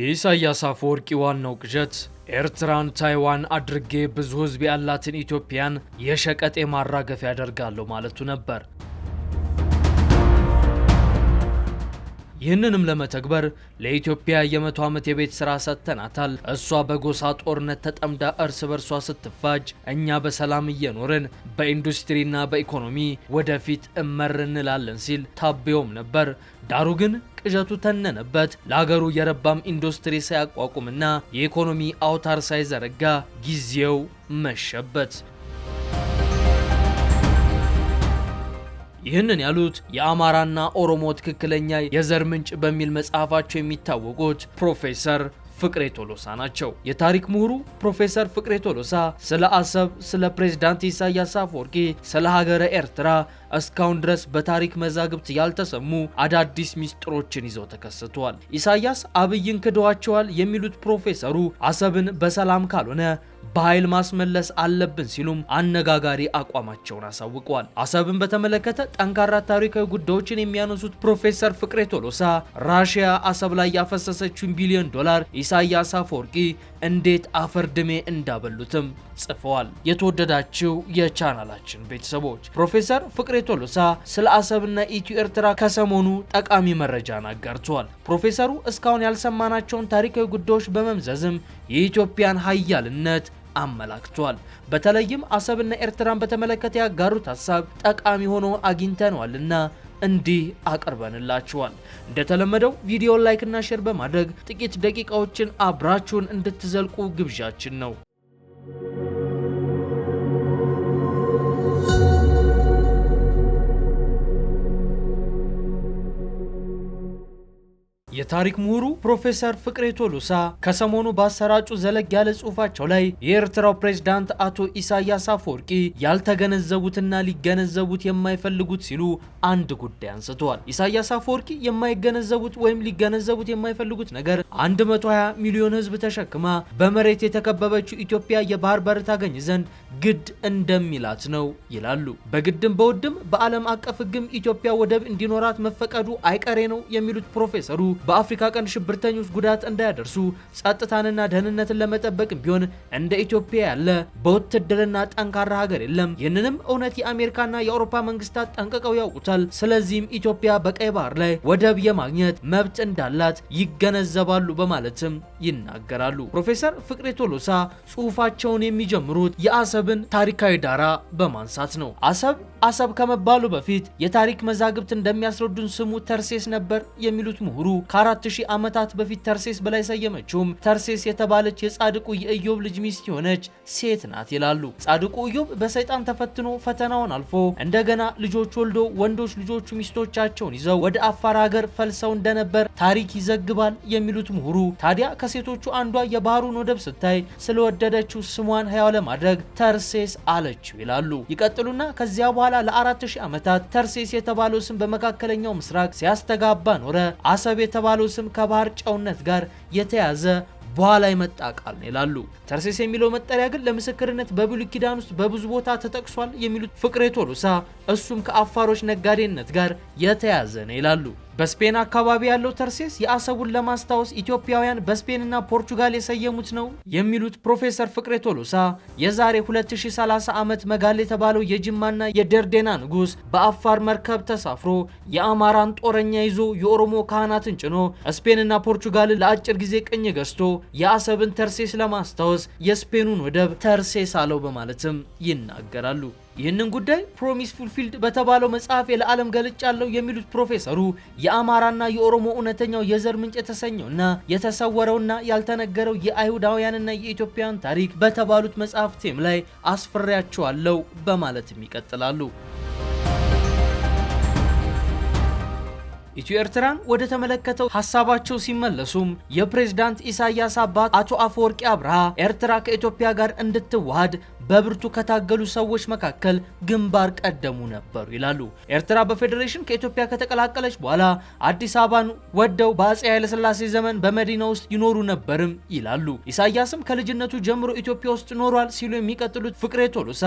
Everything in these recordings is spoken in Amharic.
የኢሳያስ አፈወርቂ ዋናው ቅዠት ኤርትራን ታይዋን አድርጌ ብዙ ሕዝብ ያላትን ኢትዮጵያን የሸቀጤ ማራገፊያ ያደርጋለሁ ማለቱ ነበር። ይህንንም ለመተግበር ለኢትዮጵያ የመቶ ዓመት የቤት ስራ ሰጥተናታል። እሷ በጎሳ ጦርነት ተጠምዳ እርስ በርሷ ስትፋጅ፣ እኛ በሰላም እየኖርን በኢንዱስትሪና በኢኮኖሚ ወደፊት እመር እንላለን ሲል ታብዮም ነበር። ዳሩ ግን ቅዠቱ ተነነበት። ለሀገሩ የረባም ኢንዱስትሪ ሳያቋቁምና የኢኮኖሚ አውታር ሳይዘረጋ ጊዜው መሸበት። ይህንን ያሉት የአማራና ኦሮሞ ትክክለኛ የዘር ምንጭ በሚል መጽሐፋቸው የሚታወቁት ፕሮፌሰር ፍቅሬ ቶሎሳ ናቸው። የታሪክ ምሁሩ ፕሮፌሰር ፍቅሬ ቶሎሳ ስለ አሰብ፣ ስለ ፕሬዝዳንት ኢሳያስ አፈወርቂ፣ ስለ ሀገረ ኤርትራ እስካሁን ድረስ በታሪክ መዛግብት ያልተሰሙ አዳዲስ ሚስጥሮችን ይዘው ተከስቷል። ኢሳያስ አብይን ክደዋቸዋል የሚሉት ፕሮፌሰሩ አሰብን በሰላም ካልሆነ በኃይል ማስመለስ አለብን ሲሉም አነጋጋሪ አቋማቸውን አሳውቀዋል። አሰብን በተመለከተ ጠንካራ ታሪካዊ ጉዳዮችን የሚያነሱት ፕሮፌሰር ፍቅሬ ቶሎሳ ራሽያ አሰብ ላይ ያፈሰሰችውን ቢሊዮን ዶላር ኢሳያስ አፈወርቂ እንዴት አፈር ድሜ እንዳበሉትም ጽፈዋል። የተወደዳችው የቻናላችን ቤተሰቦች ፕሮፌሰር ፍቅሬ ቶሎሳ ስለ አሰብና ኢትዮ ኤርትራ ከሰሞኑ ጠቃሚ መረጃን አጋርተዋል። ፕሮፌሰሩ እስካሁን ያልሰማናቸውን ታሪካዊ ጉዳዮች በመምዘዝም የኢትዮጵያን ሀያልነት አመላክቷል። በተለይም አሰብና ኤርትራን በተመለከተ ያጋሩት ሀሳብ ጠቃሚ ሆኖ አግኝተነዋልና እንዲህ አቅርበንላችኋል። እንደተለመደው ቪዲዮ ላይክና ሼር በማድረግ ጥቂት ደቂቃዎችን አብራችሁን እንድትዘልቁ ግብዣችን ነው። Thank you. የታሪክ ምሁሩ ፕሮፌሰር ፍቅሬ ቶሎሳ ከሰሞኑ ባሰራጩ ዘለግ ያለ ጽሁፋቸው ላይ የኤርትራው ፕሬዝዳንት አቶ ኢሳያስ አፈወርቂ ያልተገነዘቡትና ሊገነዘቡት የማይፈልጉት ሲሉ አንድ ጉዳይ አንስተዋል። ኢሳያስ አፈወርቂ የማይገነዘቡት ወይም ሊገነዘቡት የማይፈልጉት ነገር 120 ሚሊዮን ህዝብ ተሸክማ በመሬት የተከበበችው ኢትዮጵያ የባህር በር ታገኝ ዘንድ ግድ እንደሚላት ነው ይላሉ። በግድም በውድም በዓለም አቀፍ ህግም ኢትዮጵያ ወደብ እንዲኖራት መፈቀዱ አይቀሬ ነው የሚሉት ፕሮፌሰሩ በ በአፍሪካ ቀንድ ሽብርተኞች ጉዳት እንዳያደርሱ ጸጥታንና ደህንነትን ለመጠበቅም ቢሆን እንደ ኢትዮጵያ ያለ በውትድርና ጠንካራ ሀገር የለም። ይህንንም እውነት የአሜሪካና የአውሮፓ መንግስታት ጠንቅቀው ያውቁታል። ስለዚህም ኢትዮጵያ በቀይ ባህር ላይ ወደብ የማግኘት መብት እንዳላት ይገነዘባሉ በማለትም ይናገራሉ። ፕሮፌሰር ፍቅሬ ቶሎሳ ጽሁፋቸውን የሚጀምሩት የአሰብን ታሪካዊ ዳራ በማንሳት ነው። አሰብ አሰብ ከመባሉ በፊት የታሪክ መዛግብት እንደሚያስረዱን ስሙ ተርሴስ ነበር የሚሉት ምሁሩ ከአራት ሺህ ዓመታት በፊት ተርሴስ ብላ የሰየመችውም ተርሴስ የተባለች የጻድቁ የኢዮብ ልጅ ሚስት የሆነች ሴት ናት ይላሉ። ጻድቁ ኢዮብ በሰይጣን ተፈትኖ ፈተናውን አልፎ እንደገና ልጆች ወልዶ ወንዶች ልጆቹ ሚስቶቻቸውን ይዘው ወደ አፋር ሀገር ፈልሰው እንደነበር ታሪክ ይዘግባል የሚሉት ምሁሩ ታዲያ ከሴቶቹ አንዷ የባህሩን ወደብ ስታይ ስለወደደችው ስሟን ሕያው ለማድረግ ተርሴስ አለችው ይላሉ። ይቀጥሉና ከዚያ በኋላ ለአራት ሺህ ዓመታት ተርሴስ የተባለው ስም በመካከለኛው ምስራቅ ሲያስተጋባ ኖረ። አሰብ የተባለ የሚባለው ስም ከባህር ጨውነት ጋር የተያዘ በኋላ የመጣ ቃል ነው ይላሉ። ተርሴስ የሚለው መጠሪያ ግን ለምስክርነት በብሉይ ኪዳን ውስጥ በብዙ ቦታ ተጠቅሷል የሚሉት ፍቅሬ ቶሎሳ እሱም ከአፋሮች ነጋዴነት ጋር የተያዘ ነው ይላሉ። በስፔን አካባቢ ያለው ተርሴስ የአሰቡን ለማስታወስ ኢትዮጵያውያን በስፔንና ፖርቹጋል የሰየሙት ነው የሚሉት ፕሮፌሰር ፍቅሬ ቶሎሳ የዛሬ 2030 ዓመት መጋሌ የተባለው የጅማና የደርዴና ንጉሥ በአፋር መርከብ ተሳፍሮ የአማራን ጦረኛ ይዞ የኦሮሞ ካህናትን ጭኖ ስፔንና ፖርቹጋልን ለአጭር ጊዜ ቅኝ ገዝቶ የአሰብን ተርሴስ ለማስታወስ የስፔኑን ወደብ ተርሴስ አለው በማለትም ይናገራሉ። ይህንን ጉዳይ ፕሮሚስ ፉልፊልድ በተባለው መጽሐፍ ለዓለም ገልጫለሁ የሚሉት ፕሮፌሰሩ የአማራና የኦሮሞ እውነተኛው የዘር ምንጭ የተሰኘውና የተሰወረውና ያልተነገረው የአይሁዳውያንና የኢትዮጵያን ታሪክ በተባሉት መጽሐፍቴም ላይ አስፍሬያቸዋለሁ በማለትም ይቀጥላሉ። ኢትዮ ኤርትራን ወደ ተመለከተው ሀሳባቸው ሲመለሱም የፕሬዝዳንት ኢሳያስ አባት አቶ አፈወርቂ አብርሃ ኤርትራ ከኢትዮጵያ ጋር እንድትዋሃድ በብርቱ ከታገሉ ሰዎች መካከል ግንባር ቀደሙ ነበሩ ይላሉ። ኤርትራ በፌዴሬሽን ከኢትዮጵያ ከተቀላቀለች በኋላ አዲስ አበባን ወደው በአጼ ኃይለሥላሴ ዘመን በመዲና ውስጥ ይኖሩ ነበርም ይላሉ። ኢሳያስም ከልጅነቱ ጀምሮ ኢትዮጵያ ውስጥ ኖሯል ሲሉ የሚቀጥሉት ፍቅሬ ቶሎሳ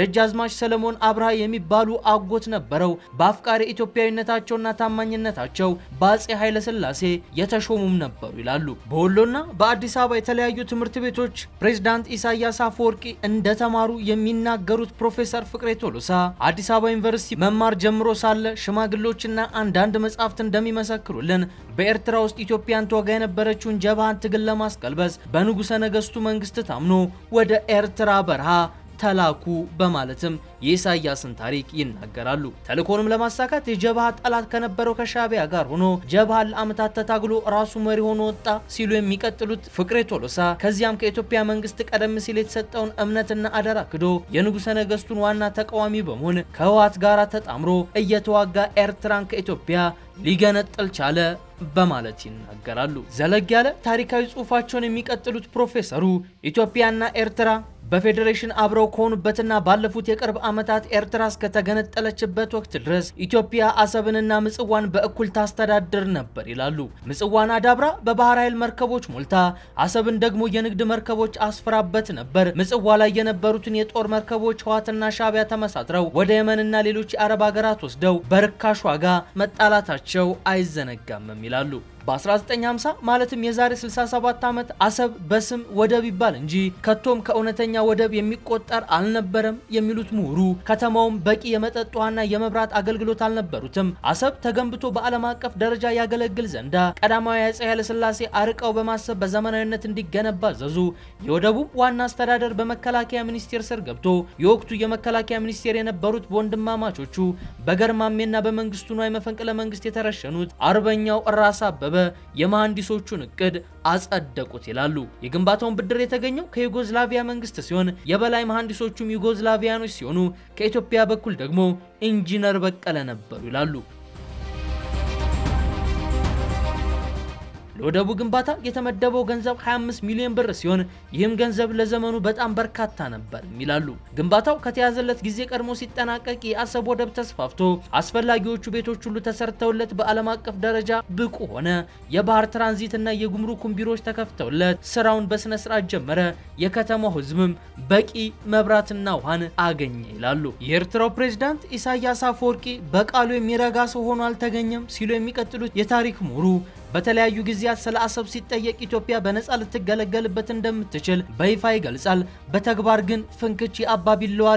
ደጃዝማች ሰለሞን አብርሃ የሚባሉ አጎት ነበረው። በአፍቃሪ ኢትዮጵያዊነታቸውና ታማኝነት አባትነታቸው በአጼ ኃይለሥላሴ የተሾሙም ነበሩ ይላሉ። በወሎና በአዲስ አበባ የተለያዩ ትምህርት ቤቶች ፕሬዝዳንት ኢሳያስ አፈወርቂ እንደተማሩ የሚናገሩት ፕሮፌሰር ፍቅሬ ቶሎሳ አዲስ አበባ ዩኒቨርሲቲ መማር ጀምሮ ሳለ ሽማግሌዎችና አንዳንድ መጻሕፍት እንደሚመሰክሩልን በኤርትራ ውስጥ ኢትዮጵያን ተወጋ የነበረችውን ጀብሃን ትግል ለማስቀልበስ በንጉሠ ነገሥቱ መንግስት ታምኖ ወደ ኤርትራ በረሃ ተላኩ በማለትም የኢሳያስን ታሪክ ይናገራሉ። ተልእኮንም ለማሳካት የጀብሃ ጠላት ከነበረው ከሻቢያ ጋር ሆኖ ጀብሃ ለአመታት ተታግሎ ራሱ መሪ ሆኖ ወጣ ሲሉ የሚቀጥሉት ፍቅሬ ቶሎሳ ከዚያም ከኢትዮጵያ መንግስት ቀደም ሲል የተሰጠውን እምነትና አደራ ክዶ የንጉሰ ነገስቱን ዋና ተቃዋሚ በመሆን ከህወሓት ጋር ተጣምሮ እየተዋጋ ኤርትራን ከኢትዮጵያ ሊገነጥል ቻለ በማለት ይናገራሉ። ዘለግ ያለ ታሪካዊ ጽሑፋቸውን የሚቀጥሉት ፕሮፌሰሩ ኢትዮጵያና ኤርትራ በፌዴሬሽን አብረው ከሆኑበትና ባለፉት የቅርብ ዓመታት ኤርትራ እስከተገነጠለችበት ወቅት ድረስ ኢትዮጵያ አሰብንና ምጽዋን በእኩል ታስተዳድር ነበር ይላሉ። ምጽዋን አዳብራ በባህር ኃይል መርከቦች ሞልታ፣ አሰብን ደግሞ የንግድ መርከቦች አስፈራበት ነበር። ምጽዋ ላይ የነበሩትን የጦር መርከቦች ህዋትና ሻቢያ ተመሳጥረው ወደ የመንና ሌሎች የአረብ ሀገራት ወስደው በርካሽ ዋጋ መጣላታቸው አይዘነጋምም ይላሉ። በ1950 ማለትም የዛሬ 67 ዓመት አሰብ በስም ወደብ ይባል እንጂ ከቶም ከእውነተኛ ወደብ የሚቆጠር አልነበረም የሚሉት ምሁሩ ከተማውም በቂ የመጠጥ ውሃና የመብራት አገልግሎት አልነበሩትም። አሰብ ተገንብቶ በዓለም አቀፍ ደረጃ ያገለግል ዘንዳ ቀዳማዊ አፄ ኃይለሥላሴ አርቀው በማሰብ በዘመናዊነት እንዲገነባ አዘዙ። የወደቡም ዋና አስተዳደር በመከላከያ ሚኒስቴር ስር ገብቶ የወቅቱ የመከላከያ ሚኒስቴር የነበሩት በወንድማማቾቹ በገርማሜና በመንግስቱ ነዋይ መፈንቅለ መንግስት የተረሸኑት አርበኛው ራስ አበበ የመሐንዲሶቹን እቅድ አጸደቁት ይላሉ። የግንባታውን ብድር የተገኘው ከዩጎዝላቪያ መንግስት ሲሆን የበላይ መሐንዲሶቹም ዩጎዝላቪያኖች ሲሆኑ ከኢትዮጵያ በኩል ደግሞ ኢንጂነር በቀለ ነበሩ ይላሉ። ለወደቡ ግንባታ የተመደበው ገንዘብ 25 ሚሊዮን ብር ሲሆን ይህም ገንዘብ ለዘመኑ በጣም በርካታ ነበር ይላሉ። ግንባታው ከተያዘለት ጊዜ ቀድሞ ሲጠናቀቅ የአሰብ ወደብ ተስፋፍቶ አስፈላጊዎቹ ቤቶች ሁሉ ተሰርተውለት በዓለም አቀፍ ደረጃ ብቁ ሆነ። የባህር ትራንዚት እና የጉምሩኩም ቢሮዎች ተከፍተውለት ስራውን በስነ ስርዓት ጀመረ። የከተማው ህዝብም በቂ መብራትና ውሃን አገኘ ይላሉ። የኤርትራው ፕሬዝዳንት ኢሳያስ አፈወርቂ በቃሉ የሚረጋ ሰው ሆኖ አልተገኘም ሲሉ የሚቀጥሉት የታሪክ ምሁሩ በተለያዩ ጊዜያት ስለ አሰብ ሲጠየቅ ኢትዮጵያ በነፃ ልትገለገልበት እንደምትችል በይፋ ይገልጻል። በተግባር ግን ፍንክች የአባ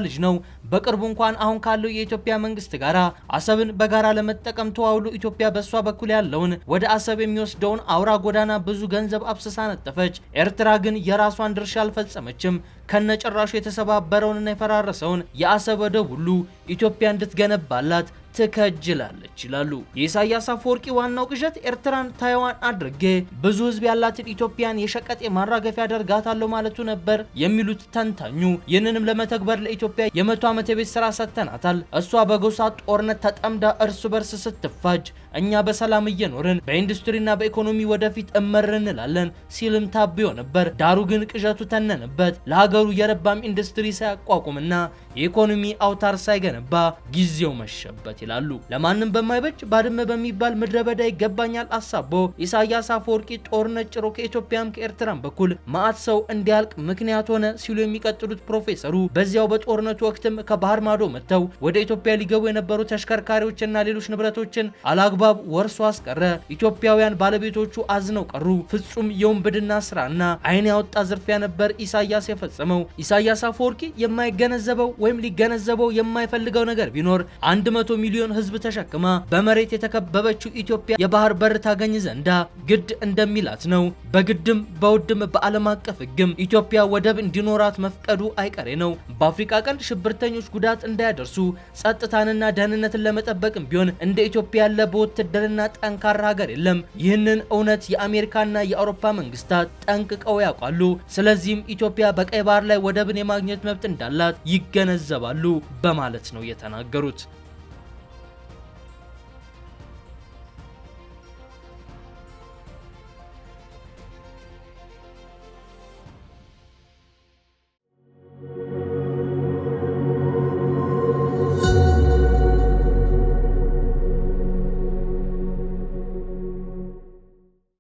ልጅ ነው። በቅርቡ እንኳን አሁን ካለው የኢትዮጵያ መንግስት ጋር አሰብን በጋራ ለመጠቀም ተዋውሎ ኢትዮጵያ በእሷ በኩል ያለውን ወደ አሰብ የሚወስደውን አውራ ጎዳና ብዙ ገንዘብ አብስሳ ነጠፈች። ኤርትራ ግን የራሷን ድርሻ አልፈጸመችም። ከነጭራሹ የተሰባበረውንና የፈራረሰውን የአሰብ ወደብ ሁሉ ኢትዮጵያ እንድትገነባላት ትከጅላለች ይላሉ። የኢሳያስ አፈወርቂ ዋናው ቅዠት ኤርትራን ታይዋን አድርጌ ብዙ ሕዝብ ያላትን ኢትዮጵያን የሸቀጤ ማራገፊያ አደርጋታለሁ ማለቱ ነበር የሚሉት ተንታኙ፣ ይህንንም ለመተግበር ለኢትዮጵያ የመቶ ዓመት የቤት ስራ ሰጥተናታል። እሷ በጎሳ ጦርነት ተጠምዳ እርስ በርስ ስትፋጅ፣ እኛ በሰላም እየኖርን በኢንዱስትሪና በኢኮኖሚ ወደፊት እመር እንላለን ሲልም ታብዮ ነበር። ዳሩ ግን ቅዠቱ ተነንበት። በሀገሩ የረባም ኢንዱስትሪ ሳያቋቁምና የኢኮኖሚ አውታር ሳይገነባ ጊዜው መሸበት ይላሉ። ለማንም በማይበጅ ባድመ በሚባል ምድረ በዳ ይገባኛል አሳቦ ኢሳያስ አፈወርቂ ጦርነት ጭሮ ከኢትዮጵያም ከኤርትራም በኩል ማአት ሰው እንዲያልቅ ምክንያት ሆነ ሲሉ የሚቀጥሉት ፕሮፌሰሩ በዚያው በጦርነቱ ወቅትም ከባህር ማዶ መጥተው ወደ ኢትዮጵያ ሊገቡ የነበሩ ተሽከርካሪዎችና ሌሎች ንብረቶችን አላግባብ ወርሶ አስቀረ። ኢትዮጵያውያን ባለቤቶቹ አዝነው ቀሩ። ፍጹም የወንብድና ስራና አይን ያወጣ ዝርፊያ ነበር ኢሳያስ የፈጸመው። የፈጸመው። ኢሳያስ አፈወርቂ የማይገነዘበው ወይም ሊገነዘበው የማይፈልገው ነገር ቢኖር 100 ሚሊዮን ህዝብ ተሸክማ በመሬት የተከበበችው ኢትዮጵያ የባህር በር ታገኝ ዘንዳ ግድ እንደሚላት ነው። በግድም በውድም በዓለም አቀፍ ህግም ኢትዮጵያ ወደብ እንዲኖራት መፍቀዱ አይቀሬ ነው። በአፍሪካ ቀንድ ሽብርተኞች ጉዳት እንዳያደርሱ ጸጥታንና ደህንነትን ለመጠበቅም ቢሆን እንደ ኢትዮጵያ ያለ በውትድርና ጠንካራ ሀገር የለም። ይህንን እውነት የአሜሪካና የአውሮፓ መንግስታት ጠንቅቀው ያውቃሉ። ስለዚህም ኢትዮጵያ በቀይ ባህር ላይ ወደብን የማግኘት መብት እንዳላት ይገነዘባሉ በማለት ነው የተናገሩት።